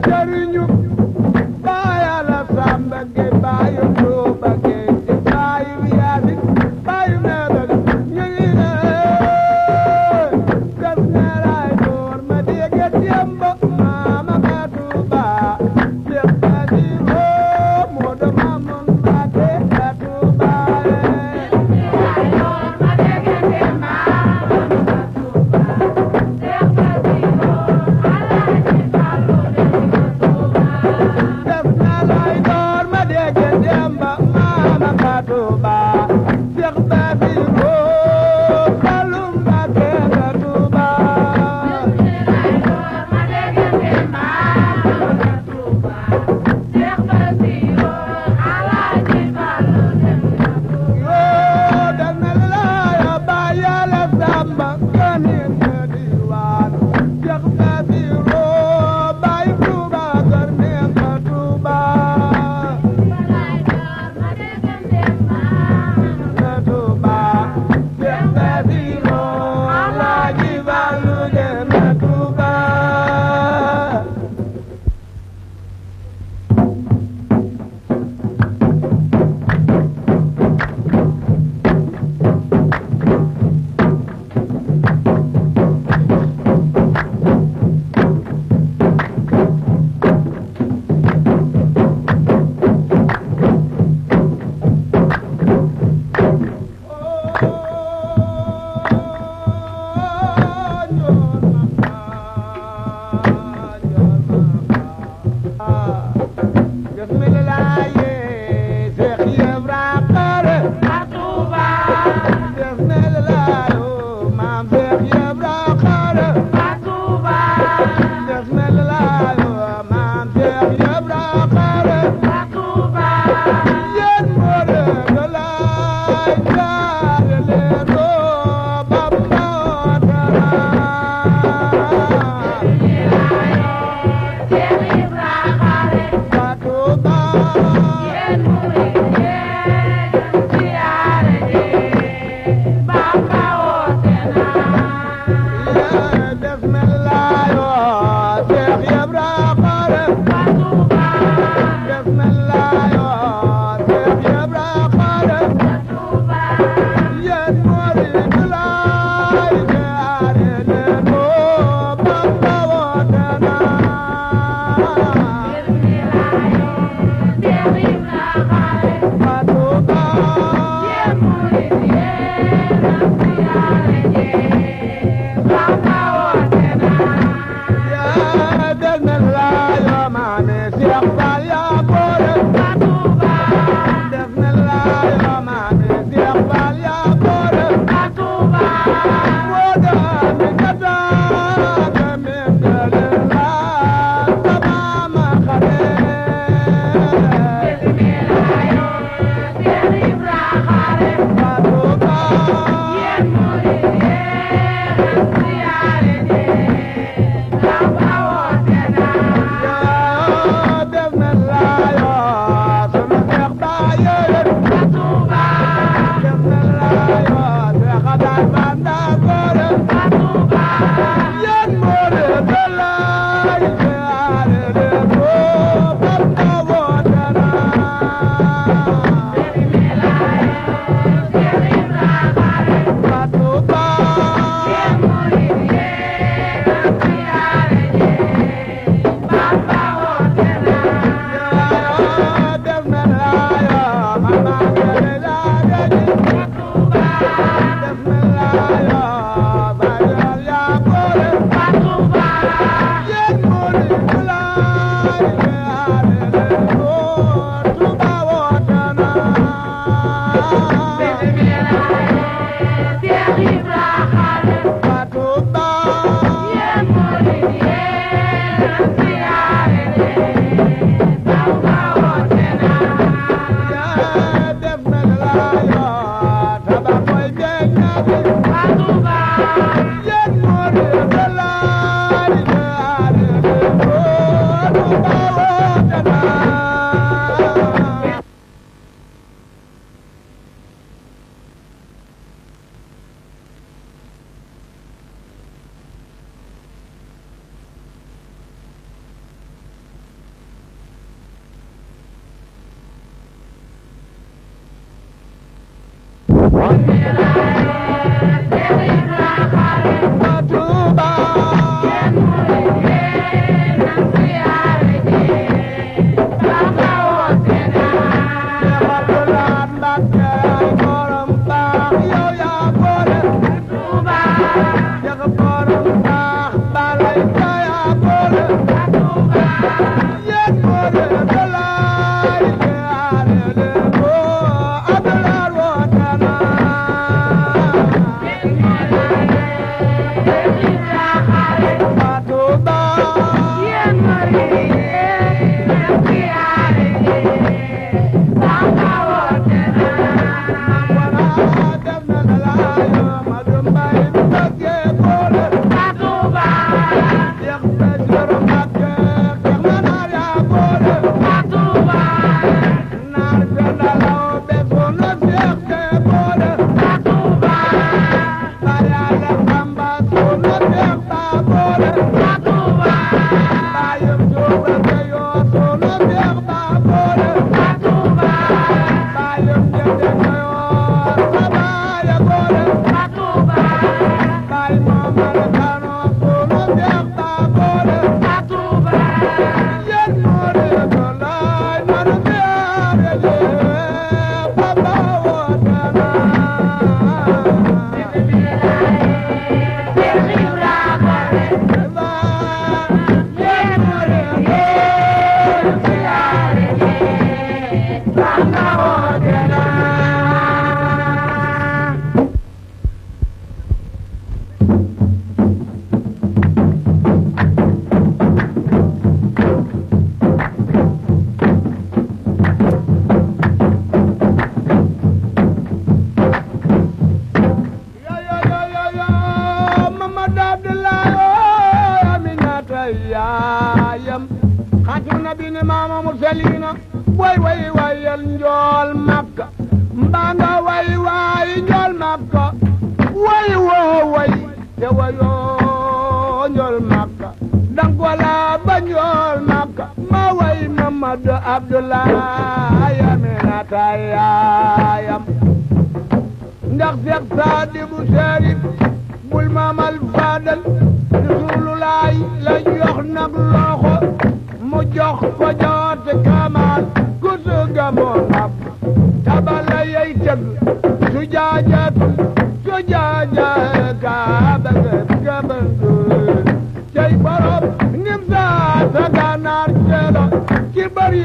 jariñu baaya la Samba Gueye baayu Bye. One. maama mursaliina way way wayal njool makka mbaa nga way way njool makka way woo way te wayoo njool makka dang wala ba njool makka ma way Mamadu Abdoulaye Aminata yaayam ndax Seex Saadibu Sharif bul maamal faadal Rasulullaay la jox nag loxo mu jox ko jooti kamaan gusu ga moo nab tabala yey tëgg su jaajatul su jaaja kaaba gabal saa sa ganaar ceelo ci bari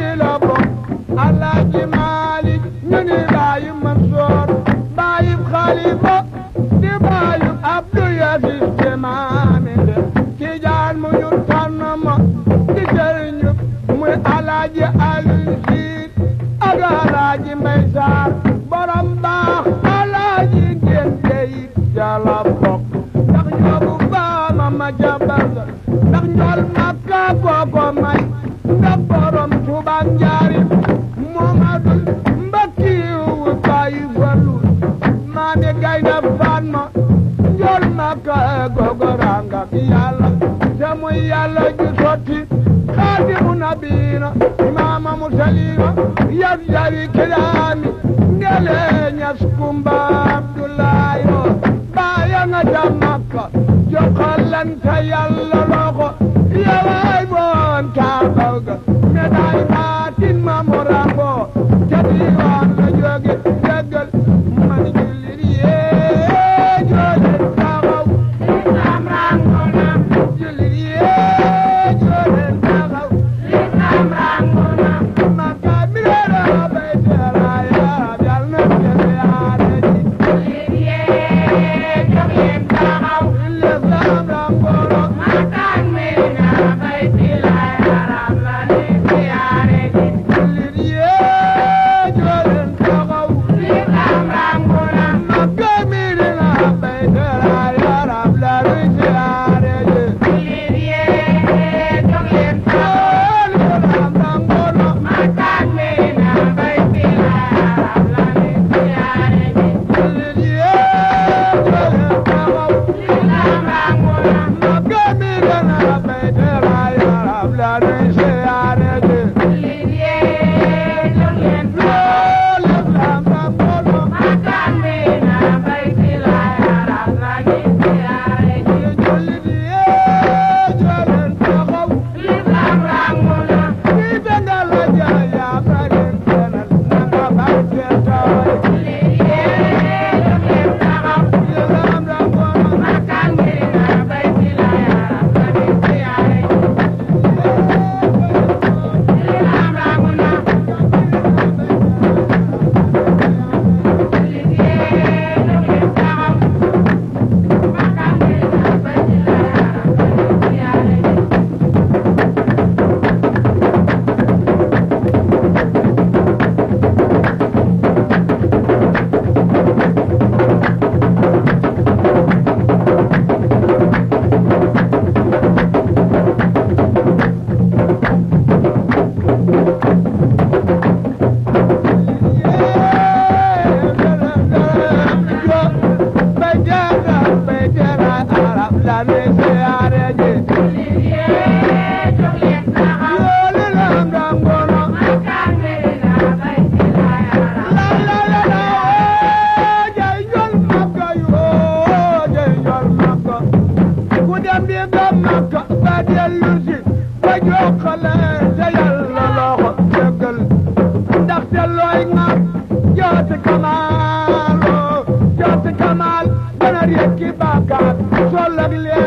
Joosi Kamal oh, Joosi Kamal gën a rekki bàkkaar sol ak leen